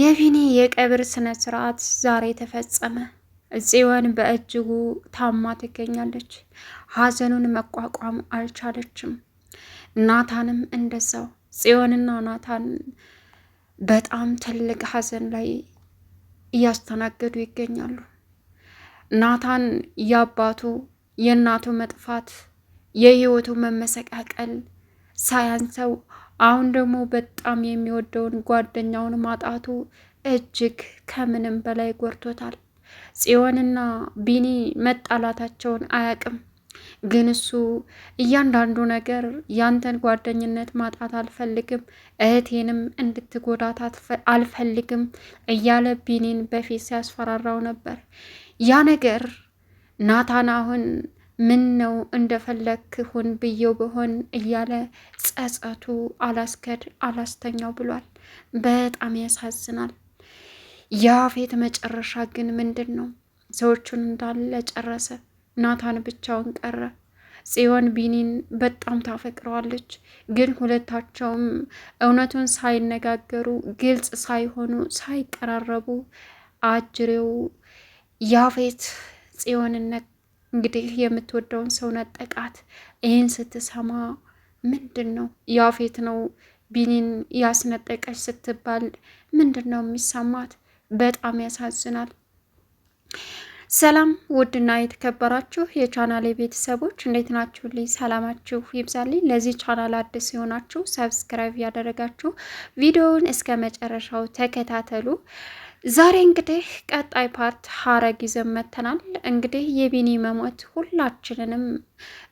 የቢኒ የቀብር ስነ ስርዓት ዛሬ ተፈጸመ። ጽዮን በእጅጉ ታማ ትገኛለች። ሀዘኑን መቋቋም አልቻለችም። ናታንም እንደዛው። ጽዮንና ናታን በጣም ትልቅ ሀዘን ላይ እያስተናገዱ ይገኛሉ። ናታን የአባቱ የእናቱ መጥፋት የህይወቱ መመሰቃቀል ሳያንሰው አሁን ደግሞ በጣም የሚወደውን ጓደኛውን ማጣቱ እጅግ ከምንም በላይ ጎርቶታል! ጽዮንና ቢኒ መጣላታቸውን አያውቅም፣ ግን እሱ እያንዳንዱ ነገር ያንተን ጓደኝነት ማጣት አልፈልግም፣ እህቴንም እንድትጎዳት አልፈልግም እያለ ቢኒን በፊት ሲያስፈራራው ነበር ያ ነገር ናታን አሁን ምን ነው እንደፈለክ ሁን ብዬው በሆን እያለ ጸጸቱ አላስከድ አላስተኛው ብሏል። በጣም ያሳዝናል። ያፌት መጨረሻ ግን ምንድን ነው? ሰዎቹን እንዳለ ጨረሰ። ናታን ብቻውን ቀረ። ጽዮን ቢኒን በጣም ታፈቅረዋለች፣ ግን ሁለታቸውም እውነቱን ሳይነጋገሩ ግልጽ ሳይሆኑ ሳይቀራረቡ አጅሬው ያፌት ጽዮንን ነካ። እንግዲህ የምትወደውን ሰው ነጠቃት። ይህን ስትሰማ ምንድን ነው ያፌት ነው ቢኒን ያስነጠቀች ስትባል ምንድን ነው የሚሰማት? በጣም ያሳዝናል። ሰላም ውድና የተከበራችሁ የቻናሌ ቤተሰቦች እንዴት ናችሁ? ልይ ሰላማችሁ ይብዛልኝ። ለዚህ ቻናል አዲስ የሆናችሁ ሰብስክራይብ ያደረጋችሁ ቪዲዮውን እስከ መጨረሻው ተከታተሉ። ዛሬ እንግዲህ ቀጣይ ፓርት ሀረግ ይዘን መተናል። እንግዲህ የቢኒ መሞት ሁላችንንም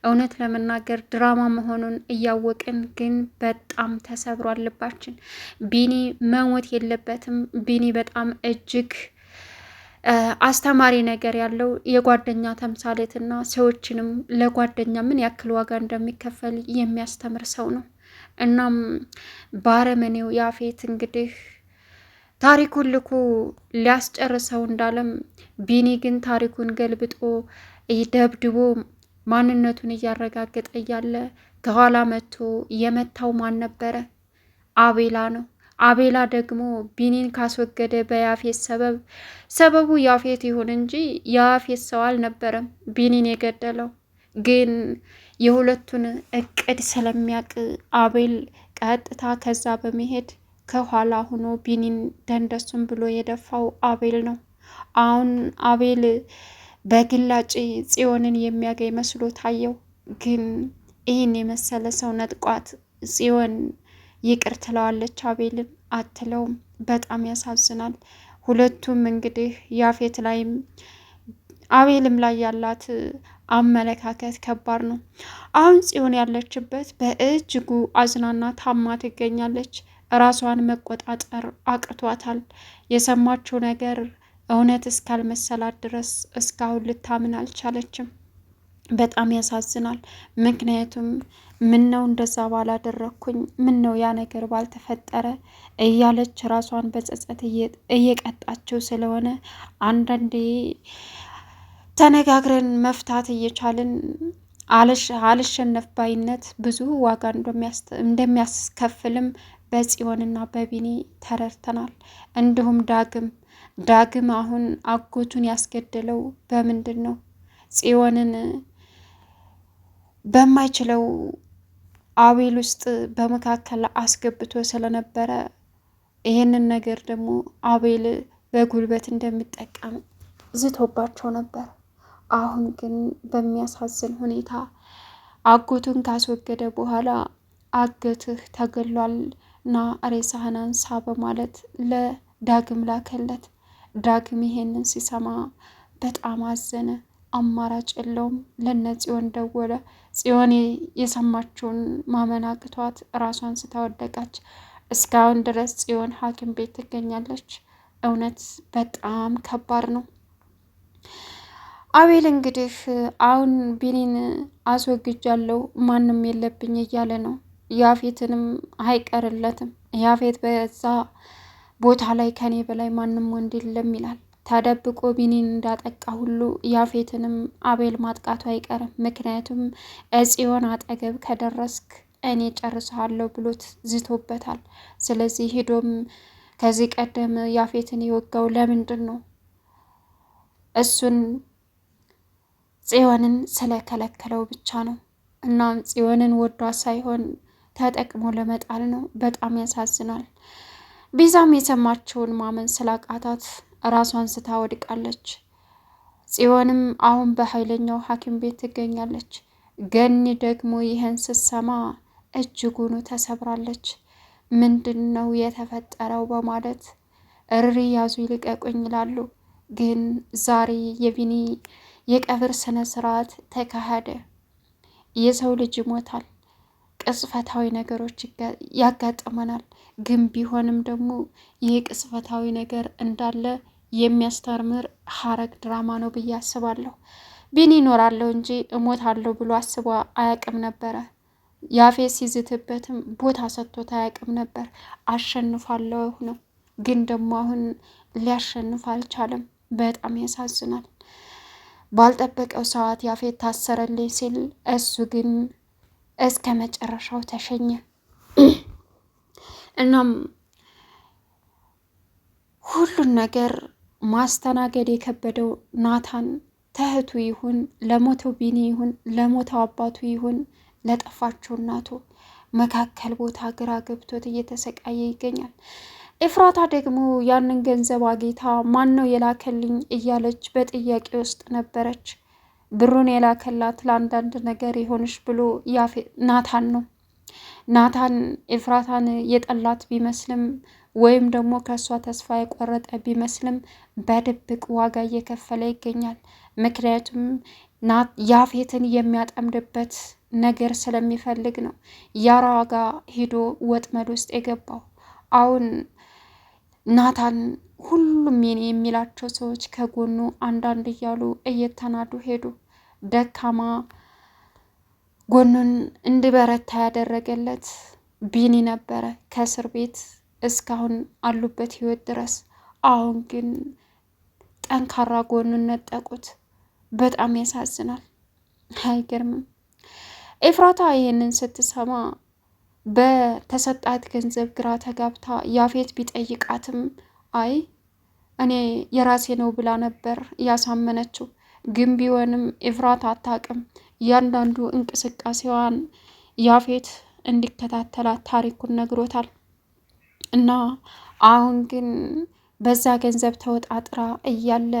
እውነት ለመናገር ድራማ መሆኑን እያወቅን ግን በጣም ተሰብሮ አለባችን ቢኒ መሞት የለበትም። ቢኒ በጣም እጅግ አስተማሪ ነገር ያለው የጓደኛ ተምሳሌትና ሰዎችንም ለጓደኛ ምን ያክል ዋጋ እንደሚከፈል የሚያስተምር ሰው ነው። እናም ባረመኔው ያፌት እንግዲህ ታሪኩን ልኩ ሊያስጨርሰው እንዳለም ቢኒ ግን ታሪኩን ገልብጦ ደብድቦ ማንነቱን እያረጋገጠ እያለ ከኋላ መጥቶ የመታው ማን ነበረ? አቤላ ነው። አቤላ ደግሞ ቢኒን ካስወገደ በያፌት ሰበብ ሰበቡ ያፌት ይሁን እንጂ የያፌት ሰው አልነበረም ቢኒን የገደለው ግን የሁለቱን እቅድ ስለሚያውቅ አቤል ቀጥታ ከዛ በመሄድ ከኋላ ሆኖ ቢኒን ደንደሱን ብሎ የደፋው አቤል ነው። አሁን አቤል በግላጭ ጽዮንን የሚያገኝ መስሎ ታየው። ግን ይህን የመሰለ ሰው ነጥቋት ጽዮን ይቅር ትለዋለች አቤልን አትለውም። በጣም ያሳዝናል። ሁለቱም እንግዲህ ያፌት ላይም አቤልም ላይ ያላት አመለካከት ከባድ ነው። አሁን ጽዮን ያለችበት በእጅጉ አዝናና ታማ ትገኛለች። ራሷን መቆጣጠር አቅቷታል። የሰማችው ነገር እውነት እስካልመሰላት ድረስ እስካሁን ልታምን አልቻለችም። በጣም ያሳዝናል። ምክንያቱም ምን ነው እንደዛ ባላደረግኩኝ፣ ምን ነው ያ ነገር ባልተፈጠረ እያለች ራሷን በጸጸት እየቀጣችው ስለሆነ አንዳንዴ ተነጋግረን መፍታት እየቻልን አልሸነፍ ባይነት ብዙ ዋጋ እንደሚያስከፍልም በጽዮንና በቢኒ ተረድተናል። እንዲሁም ዳግም ዳግም አሁን አጎቱን ያስገደለው በምንድን ነው? ጽዮንን በማይችለው አቤል ውስጥ በመካከል አስገብቶ ስለነበረ ይህንን ነገር ደግሞ አቤል በጉልበት እንደሚጠቀም ዝቶባቸው ነበር። አሁን ግን በሚያሳዝን ሁኔታ አጎቱን ካስወገደ በኋላ አገትህ ተገሏል ና ሬሳህን አንሳ በማለት ለዳግም ላከለት። ዳግም ይሄንን ሲሰማ በጣም አዘነ። አማራጭ የለውም። ለነ ጽዮን ደወለ። ጽዮን የሰማችውን ማመን አቅቷት ራሷን ስታወደቃች እስካሁን ድረስ ጽዮን ሐኪም ቤት ትገኛለች። እውነት በጣም ከባድ ነው። አቤል እንግዲህ አሁን ቢኒን አስወግጃለሁ ማንም የለብኝ እያለ ነው ያፌትንም አይቀርለትም። ያፌት በዛ ቦታ ላይ ከኔ በላይ ማንም ወንድ የለም ይላል። ተደብቆ ቢኒን እንዳጠቃ ሁሉ ያፌትንም አቤል ማጥቃቱ አይቀርም። ምክንያቱም እጽዮን አጠገብ ከደረስክ እኔ ጨርሰሃለሁ ብሎት ዝቶበታል። ስለዚህ ሂዶም ከዚህ ቀደም ያፌትን የወጋው ለምንድን ነው? እሱን ጽዮንን ስለከለከለው ብቻ ነው። እናም ጽዮንን ወዷ ሳይሆን ተጠቅሞ ለመጣል ነው። በጣም ያሳዝናል። ቤዛም የሰማቸውን ማመን ስላቃታት ራሷን ስታ ወድቃለች። ጽዮንም አሁን በኃይለኛው ሐኪም ቤት ትገኛለች። ገኒ ደግሞ ይህን ስትሰማ እጅጉኑ ተሰብራለች። ምንድን ነው የተፈጠረው በማለት እሪ ያዙ ይልቀቁኝ ይላሉ። ግን ዛሬ የቢኒ የቀብር ስነ ስርዓት ተካሄደ። የሰው ልጅ ይሞታል። ቅጽበታዊ ነገሮች ያጋጥመናል። ግን ቢሆንም ደግሞ ይህ ቅጽበታዊ ነገር እንዳለ የሚያስተምር ሐረግ ድራማ ነው ብዬ አስባለሁ። ቢኒ ይኖራለሁ እንጂ እሞታለሁ ብሎ አስቦ አያቅም ነበረ። ያፌ ሲዝትበትም ቦታ ሰጥቶት አያውቅም ነበር። አሸንፋለሁ ነው፣ ግን ደግሞ አሁን ሊያሸንፍ አልቻለም። በጣም ያሳዝናል። ባልጠበቀው ሰዓት ያፌት ታሰረልኝ ሲል እሱ ግን እስከ መጨረሻው ተሸኘ። እናም ሁሉን ነገር ማስተናገድ የከበደው ናታን ተህቱ ይሁን ለሞተው ቢኒ ይሁን ለሞተው አባቱ ይሁን ለጠፋቸው እናቱ መካከል ቦታ ግራ ገብቶት እየተሰቃየ ይገኛል። ኤፍራታ ደግሞ ያንን ገንዘብ አጌታ ማን ነው የላከልኝ እያለች በጥያቄ ውስጥ ነበረች። ብሩን የላከላት ለአንዳንድ ነገር ይሆንሽ ብሎ ናታን ነው። ናታን ኤፍራታን የጠላት ቢመስልም ወይም ደግሞ ከእሷ ተስፋ የቆረጠ ቢመስልም በድብቅ ዋጋ እየከፈለ ይገኛል። ምክንያቱም ያፌትን የሚያጠምድበት ነገር ስለሚፈልግ ነው። ያራ ዋጋ ሂዶ ወጥመድ ውስጥ የገባው አሁን ናታን ሁሉም የኔ የሚላቸው ሰዎች ከጎኑ አንዳንድ እያሉ እየተናዱ ሄዱ። ደካማ ጎኑን እንዲበረታ ያደረገለት ቢኒ ነበረ ከእስር ቤት እስካሁን አሉበት ህይወት ድረስ። አሁን ግን ጠንካራ ጎኑን ነጠቁት። በጣም ያሳዝናል። አይገርምም? ኤፍራታ ይህንን ስትሰማ በተሰጣት ገንዘብ ግራ ተጋብታ ያፌት ቢጠይቃትም አይ እኔ የራሴ ነው ብላ ነበር ያሳመነችው። ግን ቢሆንም እፍራት አታቅም። እያንዳንዱ እንቅስቃሴዋን ያፌት እንዲከታተላት ታሪኩን ነግሮታል። እና አሁን ግን በዛ ገንዘብ ተወጣጥራ እያለ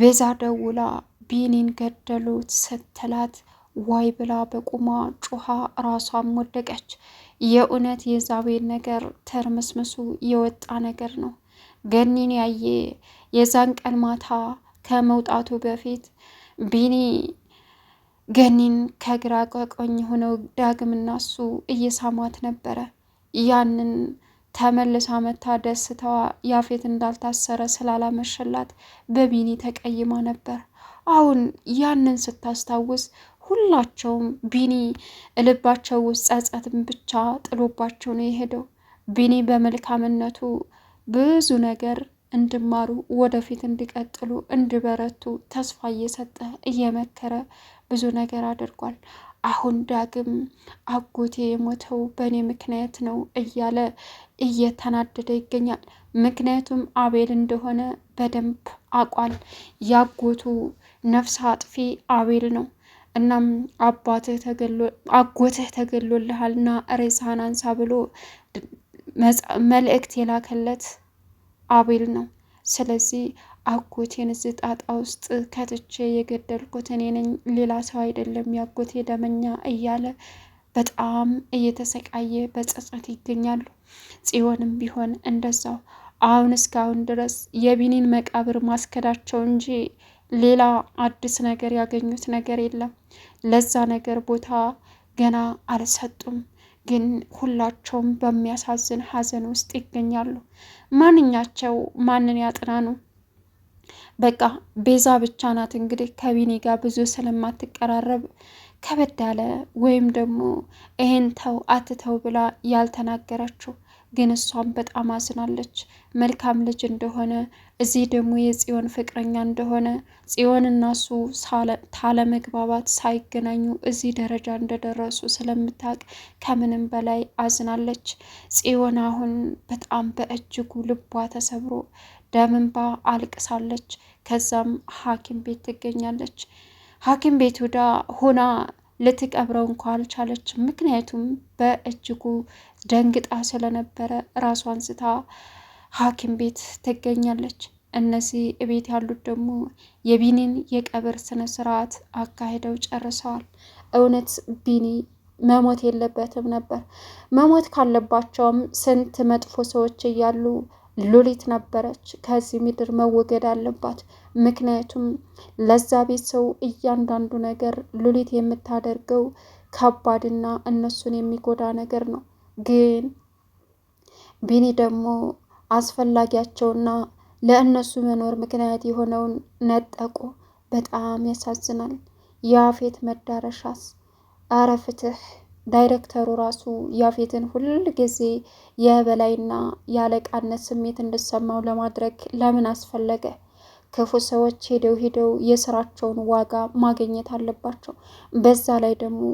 ቤዛ ደውላ ቢኒን ገደሉት ስትላት ዋይ ብላ በቁማ ጩሃ ራሷም ወደቀች። የእውነት የዛቤል ነገር ተርምስምሱ የወጣ ነገር ነው። ገኒን ያየ የዛን ቀን ማታ ከመውጣቱ በፊት ቢኒ ገኒን ከግራ ቀኝ ሆነው ዳግምና እሱ እየሳማት ነበረ። ያንን ተመልሳ መታ ደስታዋ ያፌት እንዳልታሰረ ስላላመሸላት በቢኒ ተቀይማ ነበር። አሁን ያንን ስታስታውስ ሁላቸውም ቢኒ ልባቸው ውስጥ ጸጸትን ብቻ ጥሎባቸው ነው የሄደው። ቢኒ በመልካምነቱ ብዙ ነገር እንድማሩ ወደፊት እንዲቀጥሉ እንዲበረቱ ተስፋ እየሰጠ እየመከረ ብዙ ነገር አድርጓል። አሁን ዳግም አጎቴ የሞተው በእኔ ምክንያት ነው እያለ እየተናደደ ይገኛል። ምክንያቱም አቤል እንደሆነ በደንብ አቋል። ያጎቱ ነፍስ አጥፊ አቤል ነው። እናም አባትህ ተገሎ አጎትህ ተገሎልሃልና ሬሳህን አንሳ ብሎ መልእክት የላከለት አቤል ነው። ስለዚህ አጎቴን እዚህ ጣጣ ውስጥ ከትቼ የገደልኩት እኔ ነኝ፣ ሌላ ሰው አይደለም ያጎቴ ደመኛ እያለ በጣም እየተሰቃየ በጸጸት ይገኛሉ። ጽዮንም ቢሆን እንደዛው አሁን እስካሁን ድረስ የቢኒን መቃብር ማስከዳቸው እንጂ ሌላ አዲስ ነገር ያገኙት ነገር የለም። ለዛ ነገር ቦታ ገና አልሰጡም። ግን ሁላቸውም በሚያሳዝን ሀዘን ውስጥ ይገኛሉ። ማንኛቸው ማንን ያጥናኑ? በቃ ቤዛ ብቻ ናት እንግዲህ ከቢኒ ጋር ብዙ ስለማትቀራረብ ከበድ ያለ ወይም ደግሞ ይሄን ተው አትተው ብላ ያልተናገረችው ግን እሷም በጣም አዝናለች። መልካም ልጅ እንደሆነ እዚህ ደግሞ የጽዮን ፍቅረኛ እንደሆነ ጽዮን እና እሱ ታለመግባባት ሳይገናኙ እዚህ ደረጃ እንደደረሱ ስለምታቅ ከምንም በላይ አዝናለች። ጽዮን አሁን በጣም በእጅጉ ልቧ ተሰብሮ ደምንባ አልቅሳለች። ከዛም ሐኪም ቤት ትገኛለች። ሐኪም ቤት ሁዳ ሆና ልትቀብረው እንኳ አልቻለች። ምክንያቱም በእጅጉ ደንግጣ ስለነበረ ራሷ አንስታ ሐኪም ቤት ትገኛለች። እነዚህ እቤት ያሉት ደግሞ የቢኒን የቀብር ስነ ስርዓት አካሂደው ጨርሰዋል። እውነት ቢኒ መሞት የለበትም ነበር። መሞት ካለባቸውም ስንት መጥፎ ሰዎች እያሉ ሉሊት ነበረች ከዚህ ምድር መወገድ አለባት። ምክንያቱም ለዛ ቤት ሰው እያንዳንዱ ነገር ሉሊት የምታደርገው ከባድና እነሱን የሚጎዳ ነገር ነው። ግን ቢኒ ደግሞ አስፈላጊያቸውና ለእነሱ መኖር ምክንያት የሆነውን ነጠቁ። በጣም ያሳዝናል። የአፌት መዳረሻስ? አረ ፍትህ! ዳይሬክተሩ ራሱ ያፌትን ሁል ጊዜ የበላይና ያለቃነት ስሜት እንዲሰማው ለማድረግ ለምን አስፈለገ? ክፉ ሰዎች ሄደው ሄደው የስራቸውን ዋጋ ማግኘት አለባቸው። በዛ ላይ ደግሞ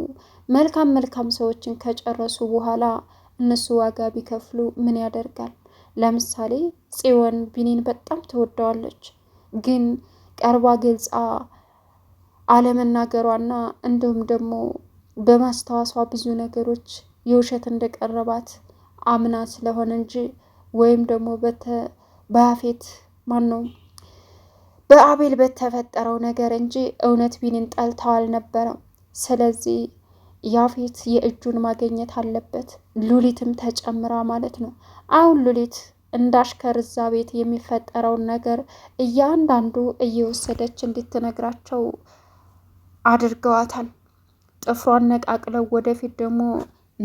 መልካም መልካም ሰዎችን ከጨረሱ በኋላ እነሱ ዋጋ ቢከፍሉ ምን ያደርጋል? ለምሳሌ ጽዮን ቢኒን በጣም ትወደዋለች፣ ግን ቀርባ ገልጻ አለመናገሯና እንዲሁም ደግሞ በማስታወሷ ብዙ ነገሮች የውሸት እንደቀረባት አምና ስለሆነ እንጂ ወይም ደግሞ በተ ባያፌት ማን ነው በአቤል በተፈጠረው ነገር እንጂ እውነት ቢኒን ጠልታው አልነበረም። ስለዚህ ያፌት የእጁን ማግኘት አለበት፣ ሉሊትም ተጨምራ ማለት ነው። አሁን ሉሊት እንዳሽከር እዛ ቤት የሚፈጠረውን ነገር እያንዳንዱ እየወሰደች እንድትነግራቸው አድርገዋታል። ጥፍሯን ነቃቅለው ወደፊት ደግሞ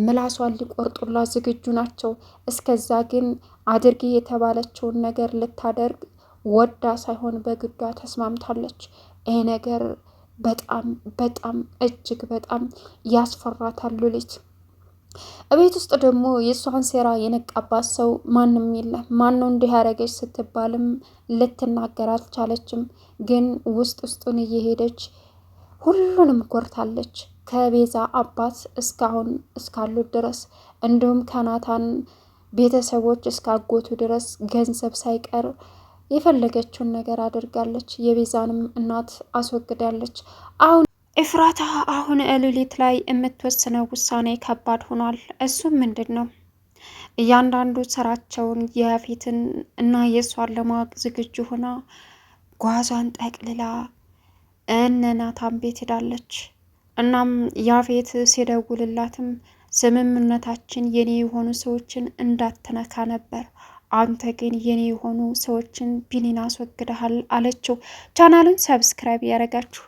ምላሷን ሊቆርጡላ ዝግጁ ናቸው። እስከዛ ግን አድርጊ የተባለችውን ነገር ልታደርግ ወዳ ሳይሆን በግዷ ተስማምታለች። ይሄ ነገር በጣም በጣም እጅግ በጣም ያስፈራታል ሉሊት። እቤት ውስጥ ደግሞ የእሷን ሴራ የነቃባት ሰው ማንም የለም። ማነው እንዲህ ያደረገች ስትባልም ልትናገር አልቻለችም። ግን ውስጥ ውስጡን እየሄደች ሁሉንም ጎርታለች። ከቤዛ አባት እስካሁን እስካሉት ድረስ እንዲሁም ከናታን ቤተሰቦች እስካጎቱ ድረስ ገንዘብ ሳይቀር የፈለገችውን ነገር አድርጋለች። የቤዛንም እናት አስወግዳለች። አሁን ኤፍራታ አሁን ሉሊት ላይ የምትወስነው ውሳኔ ከባድ ሆኗል። እሱም ምንድን ነው? እያንዳንዱ ስራቸውን የፊትን እና የእሷን ለማወቅ ዝግጁ ሆና ጓዟን ጠቅልላ እነ ናታን ቤት ሄዳለች። እናም ያፌት ሲደውልላትም ስምምነታችን የኔ የሆኑ ሰዎችን እንዳትነካ ነበር አንተ ግን የኔ የሆኑ ሰዎችን ቢኒን አስወግደሃል አለችው። ቻናሉን ሰብስክራይብ ያደረጋችሁ